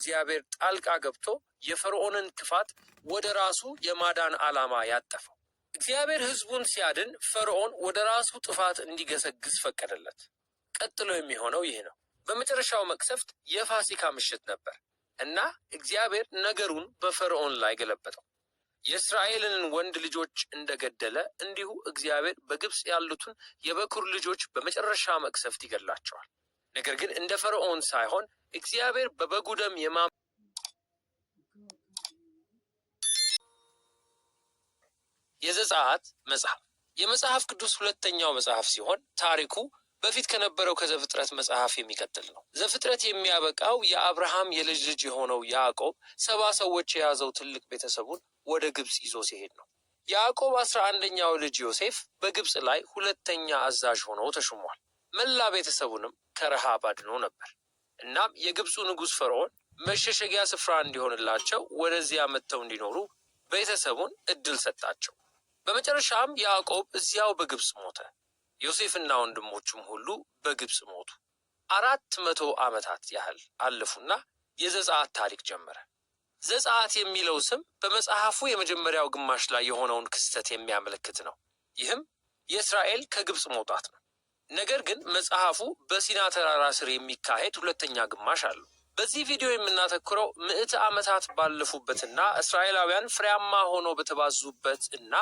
እግዚአብሔር ጣልቃ ገብቶ የፈርዖንን ክፋት ወደ ራሱ የማዳን ዓላማ ያጠፈው። እግዚአብሔር ሕዝቡን ሲያድን ፈርዖን ወደ ራሱ ጥፋት እንዲገሰግስ ፈቀደለት። ቀጥሎ የሚሆነው ይህ ነው። በመጨረሻው መቅሰፍት የፋሲካ ምሽት ነበር እና እግዚአብሔር ነገሩን በፈርዖን ላይ ገለበጠው። የእስራኤልን ወንድ ልጆች እንደገደለ እንዲሁ እግዚአብሔር በግብፅ ያሉትን የበኩር ልጆች በመጨረሻ መቅሰፍት ይገድላቸዋል። ነገር ግን እንደ ፈርዖን ሳይሆን እግዚአብሔር በበጉ ደም የማ የዘጸአት መጽሐፍ የመጽሐፍ ቅዱስ ሁለተኛው መጽሐፍ ሲሆን ታሪኩ በፊት ከነበረው ከዘፍጥረት መጽሐፍ የሚቀጥል ነው። ዘፍጥረት የሚያበቃው የአብርሃም የልጅ ልጅ የሆነው ያዕቆብ ሰባ ሰዎች የያዘው ትልቅ ቤተሰቡን ወደ ግብፅ ይዞ ሲሄድ ነው። ያዕቆብ አስራ አንደኛው ልጅ ዮሴፍ በግብፅ ላይ ሁለተኛ አዛዥ ሆኖ ተሹሟል። መላ ቤተሰቡንም ከረሃብ አድኖ ነበር። እናም የግብፁ ንጉሥ ፈርዖን መሸሸጊያ ስፍራ እንዲሆንላቸው ወደዚያ መጥተው እንዲኖሩ ቤተሰቡን እድል ሰጣቸው። በመጨረሻም ያዕቆብ እዚያው በግብፅ ሞተ። ዮሴፍና ወንድሞቹም ሁሉ በግብፅ ሞቱ። አራት መቶ ዓመታት ያህል አለፉና የዘጸአት ታሪክ ጀመረ። ዘጸአት የሚለው ስም በመጽሐፉ የመጀመሪያው ግማሽ ላይ የሆነውን ክስተት የሚያመለክት ነው። ይህም የእስራኤል ከግብፅ መውጣት ነው። ነገር ግን መጽሐፉ በሲና ተራራ ስር የሚካሄድ ሁለተኛ ግማሽ አለው። በዚህ ቪዲዮ የምናተኩረው ምዕተ ዓመታት ባለፉበትና እስራኤላውያን ፍሬያማ ሆኖ በተባዙበት እና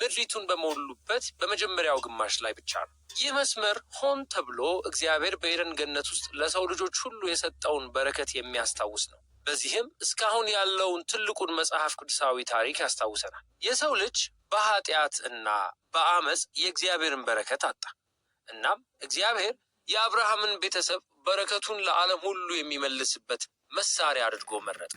ምድሪቱን በሞሉበት በመጀመሪያው ግማሽ ላይ ብቻ ነው። ይህ መስመር ሆን ተብሎ እግዚአብሔር በኤደን ገነት ውስጥ ለሰው ልጆች ሁሉ የሰጠውን በረከት የሚያስታውስ ነው። በዚህም እስካሁን ያለውን ትልቁን መጽሐፍ ቅዱሳዊ ታሪክ ያስታውሰናል። የሰው ልጅ በኃጢአት እና በአመፅ የእግዚአብሔርን በረከት አጣ። እናም እግዚአብሔር የአብርሃምን ቤተሰብ በረከቱን ለዓለም ሁሉ የሚመልስበት መሳሪያ አድርጎ መረጠ።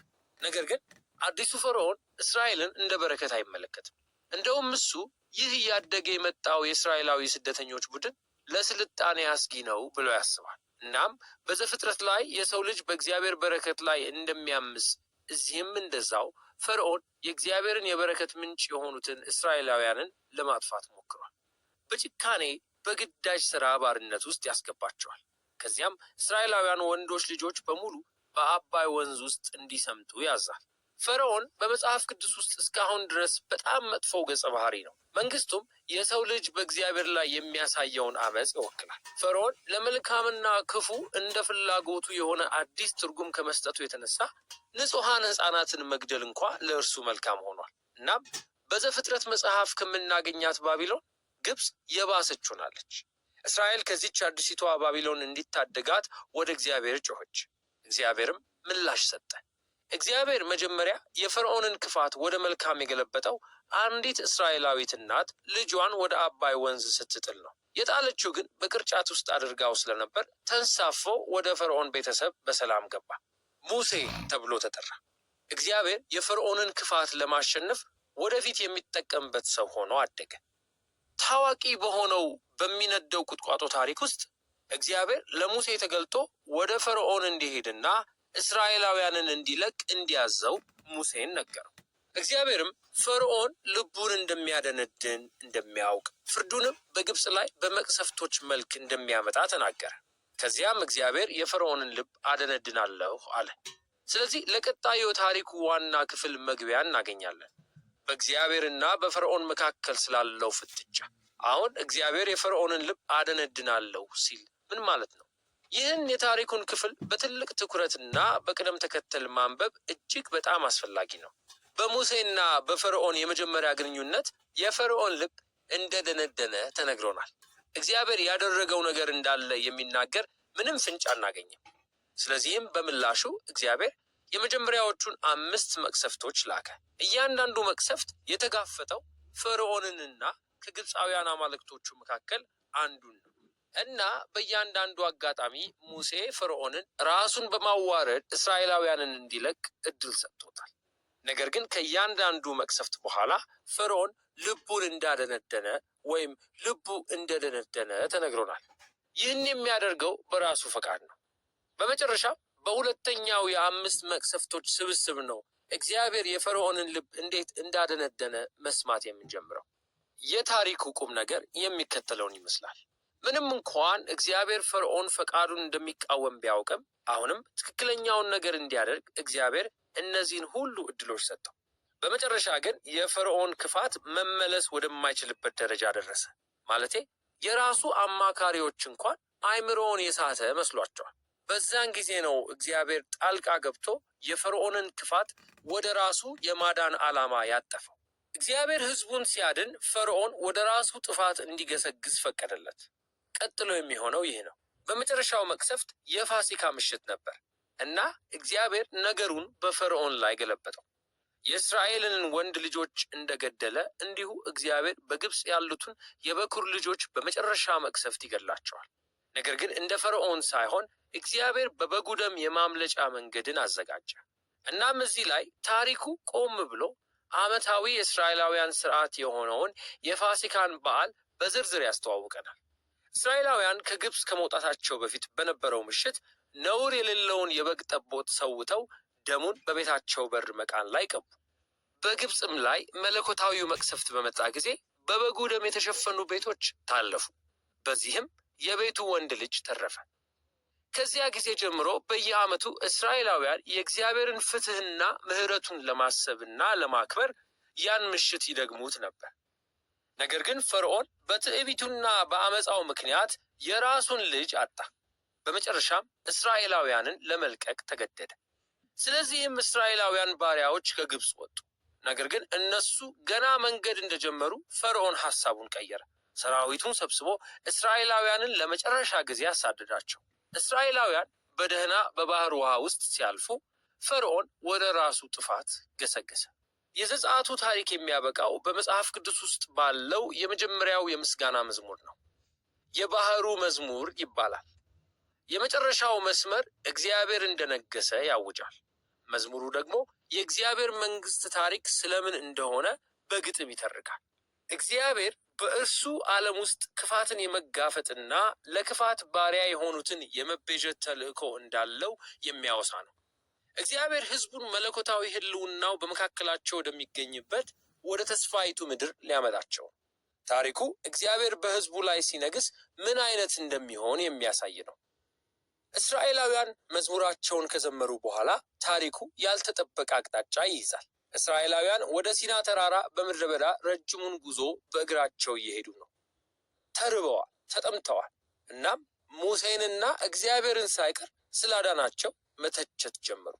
ነገር ግን አዲሱ ፈርዖን እስራኤልን እንደ በረከት አይመለከትም። እንደውም እሱ ይህ እያደገ የመጣው የእስራኤላዊ ስደተኞች ቡድን ለስልጣኔ አስጊ ነው ብሎ ያስባል። እናም በዘፍጥረት ላይ የሰው ልጅ በእግዚአብሔር በረከት ላይ እንደሚያምስ፣ እዚህም እንደዛው ፈርዖን የእግዚአብሔርን የበረከት ምንጭ የሆኑትን እስራኤላውያንን ለማጥፋት ሞክሯል። በጭካኔ በግዳጅ ስራ ባርነት ውስጥ ያስገባቸዋል። ከዚያም እስራኤላውያን ወንዶች ልጆች በሙሉ በአባይ ወንዝ ውስጥ እንዲሰምጡ ያዛል። ፈርዖን በመጽሐፍ ቅዱስ ውስጥ እስካሁን ድረስ በጣም መጥፎው ገጸ ባህሪ ነው። መንግስቱም የሰው ልጅ በእግዚአብሔር ላይ የሚያሳየውን አመፅ ይወክላል። ፈርዖን ለመልካምና ክፉ እንደ ፍላጎቱ የሆነ አዲስ ትርጉም ከመስጠቱ የተነሳ ንጹሐን ሕፃናትን መግደል እንኳ ለእርሱ መልካም ሆኗል። እናም በዘፍጥረት መጽሐፍ ከምናገኛት ባቢሎን ግብፅ የባሰች ሆናለች። እስራኤል ከዚች አዲሲቷ ባቢሎን እንዲታደጋት ወደ እግዚአብሔር ጮኸች፣ እግዚአብሔርም ምላሽ ሰጠ። እግዚአብሔር መጀመሪያ የፈርዖንን ክፋት ወደ መልካም የገለበጠው አንዲት እስራኤላዊት እናት ልጇን ወደ አባይ ወንዝ ስትጥል ነው። የጣለችው ግን በቅርጫት ውስጥ አድርጋው ስለነበር ተንሳፎ ወደ ፈርዖን ቤተሰብ በሰላም ገባ። ሙሴ ተብሎ ተጠራ። እግዚአብሔር የፈርዖንን ክፋት ለማሸነፍ ወደፊት የሚጠቀምበት ሰው ሆኖ አደገ። ታዋቂ በሆነው በሚነደው ቁጥቋጦ ታሪክ ውስጥ እግዚአብሔር ለሙሴ ተገልጦ ወደ ፈርዖን እንዲሄድና እስራኤላውያንን እንዲለቅ እንዲያዘው ሙሴን ነገረው። እግዚአብሔርም ፈርዖን ልቡን እንደሚያደነድን እንደሚያውቅ ፍርዱንም በግብፅ ላይ በመቅሰፍቶች መልክ እንደሚያመጣ ተናገረ። ከዚያም እግዚአብሔር የፈርዖንን ልብ አደነድናለሁ አለ። ስለዚህ ለቀጣዩ ታሪኩ ዋና ክፍል መግቢያ እናገኛለን። በእግዚአብሔርና በፈርዖን መካከል ስላለው ፍጥጫ። አሁን እግዚአብሔር የፈርዖንን ልብ አደነድናለሁ ሲል ምን ማለት ነው? ይህን የታሪኩን ክፍል በትልቅ ትኩረትና በቅደም ተከተል ማንበብ እጅግ በጣም አስፈላጊ ነው። በሙሴና በፈርዖን የመጀመሪያ ግንኙነት የፈርዖን ልብ እንደደነደነ ተነግሮናል። እግዚአብሔር ያደረገው ነገር እንዳለ የሚናገር ምንም ፍንጭ አናገኝም። ስለዚህም በምላሹ እግዚአብሔር የመጀመሪያዎቹን አምስት መቅሰፍቶች ላከ። እያንዳንዱ መቅሰፍት የተጋፈጠው ፈርዖንንና ከግብፃውያን አማልክቶቹ መካከል አንዱን ነው እና በእያንዳንዱ አጋጣሚ ሙሴ ፈርዖንን ራሱን በማዋረድ እስራኤላውያንን እንዲለቅ እድል ሰጥቶታል። ነገር ግን ከእያንዳንዱ መቅሰፍት በኋላ ፈርዖን ልቡን እንዳደነደነ ወይም ልቡ እንደደነደነ ተነግሮናል። ይህን የሚያደርገው በራሱ ፈቃድ ነው። በመጨረሻም በሁለተኛው የአምስት መቅሰፍቶች ስብስብ ነው እግዚአብሔር የፈርዖንን ልብ እንዴት እንዳደነደነ መስማት የምንጀምረው። የታሪኩ ቁም ነገር የሚከተለውን ይመስላል። ምንም እንኳን እግዚአብሔር ፈርዖን ፈቃዱን እንደሚቃወም ቢያውቅም አሁንም ትክክለኛውን ነገር እንዲያደርግ እግዚአብሔር እነዚህን ሁሉ እድሎች ሰጠው። በመጨረሻ ግን የፈርዖን ክፋት መመለስ ወደማይችልበት ደረጃ ደረሰ። ማለቴ የራሱ አማካሪዎች እንኳን አይምሮውን የሳተ መስሏቸዋል። በዛን ጊዜ ነው እግዚአብሔር ጣልቃ ገብቶ የፈርዖንን ክፋት ወደ ራሱ የማዳን ዓላማ ያጠፈው። እግዚአብሔር ሕዝቡን ሲያድን ፈርዖን ወደ ራሱ ጥፋት እንዲገሰግስ ፈቀደለት። ቀጥሎ የሚሆነው ይህ ነው። በመጨረሻው መቅሰፍት የፋሲካ ምሽት ነበር እና እግዚአብሔር ነገሩን በፈርዖን ላይ ገለበጠው። የእስራኤልን ወንድ ልጆች እንደገደለ እንዲሁ እግዚአብሔር በግብፅ ያሉትን የበኩር ልጆች በመጨረሻ መቅሰፍት ይገድላቸዋል። ነገር ግን እንደ ፈርዖን ሳይሆን እግዚአብሔር በበጉ ደም የማምለጫ መንገድን አዘጋጀ። እናም እዚህ ላይ ታሪኩ ቆም ብሎ ዓመታዊ የእስራኤላውያን ስርዓት የሆነውን የፋሲካን በዓል በዝርዝር ያስተዋውቀናል። እስራኤላውያን ከግብፅ ከመውጣታቸው በፊት በነበረው ምሽት ነውር የሌለውን የበግ ጠቦት ሰውተው ደሙን በቤታቸው በር መቃን ላይ ቀቡ። በግብፅም ላይ መለኮታዊው መቅሰፍት በመጣ ጊዜ በበጉ ደም የተሸፈኑ ቤቶች ታለፉ። በዚህም የቤቱ ወንድ ልጅ ተረፈ። ከዚያ ጊዜ ጀምሮ በየዓመቱ እስራኤላውያን የእግዚአብሔርን ፍትህና ምሕረቱን ለማሰብና ለማክበር ያን ምሽት ይደግሙት ነበር። ነገር ግን ፈርዖን በትዕቢቱና በአመፃው ምክንያት የራሱን ልጅ አጣ። በመጨረሻም እስራኤላውያንን ለመልቀቅ ተገደደ። ስለዚህም እስራኤላውያን ባሪያዎች ከግብፅ ወጡ። ነገር ግን እነሱ ገና መንገድ እንደጀመሩ ፈርዖን ሐሳቡን ቀየረ። ሰራዊቱን ሰብስቦ እስራኤላውያንን ለመጨረሻ ጊዜ አሳደዳቸው። እስራኤላውያን በደህና በባህር ውሃ ውስጥ ሲያልፉ ፈርዖን ወደ ራሱ ጥፋት ገሰገሰ። የዘጸአቱ ታሪክ የሚያበቃው በመጽሐፍ ቅዱስ ውስጥ ባለው የመጀመሪያው የምስጋና መዝሙር ነው። የባህሩ መዝሙር ይባላል። የመጨረሻው መስመር እግዚአብሔር እንደነገሰ ያውጃል። መዝሙሩ ደግሞ የእግዚአብሔር መንግስት ታሪክ ስለምን እንደሆነ በግጥም ይተርካል። እግዚአብሔር በእርሱ ዓለም ውስጥ ክፋትን የመጋፈጥና ለክፋት ባሪያ የሆኑትን የመቤዠት ተልእኮ እንዳለው የሚያወሳ ነው። እግዚአብሔር ሕዝቡን መለኮታዊ ሕልውናው በመካከላቸው ወደሚገኝበት ወደ ተስፋይቱ ምድር ሊያመጣቸው ታሪኩ እግዚአብሔር በሕዝቡ ላይ ሲነግስ ምን አይነት እንደሚሆን የሚያሳይ ነው። እስራኤላውያን መዝሙራቸውን ከዘመሩ በኋላ ታሪኩ ያልተጠበቀ አቅጣጫ ይይዛል። እስራኤላውያን ወደ ሲና ተራራ በምድረ በዳ ረጅሙን ጉዞ በእግራቸው እየሄዱ ነው። ተርበዋል፣ ተጠምተዋል። እናም ሙሴንና እግዚአብሔርን ሳይቀር ስላዳናቸው መተቸት ጀመሩ።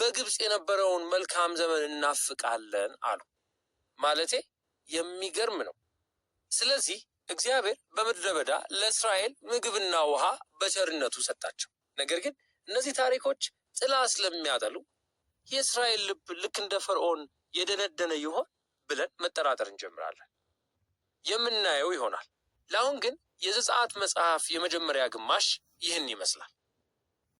በግብፅ የነበረውን መልካም ዘመን እናፍቃለን አሉ። ማለቴ የሚገርም ነው። ስለዚህ እግዚአብሔር በምድረ በዳ ለእስራኤል ምግብና ውሃ በቸርነቱ ሰጣቸው። ነገር ግን እነዚህ ታሪኮች ጥላ ስለሚያጠሉ የእስራኤል ልብ ልክ እንደ ፈርዖን የደነደነ ይሆን ብለን መጠራጠር እንጀምራለን። የምናየው ይሆናል። ለአሁን ግን የዘጸአት መጽሐፍ የመጀመሪያ ግማሽ ይህን ይመስላል።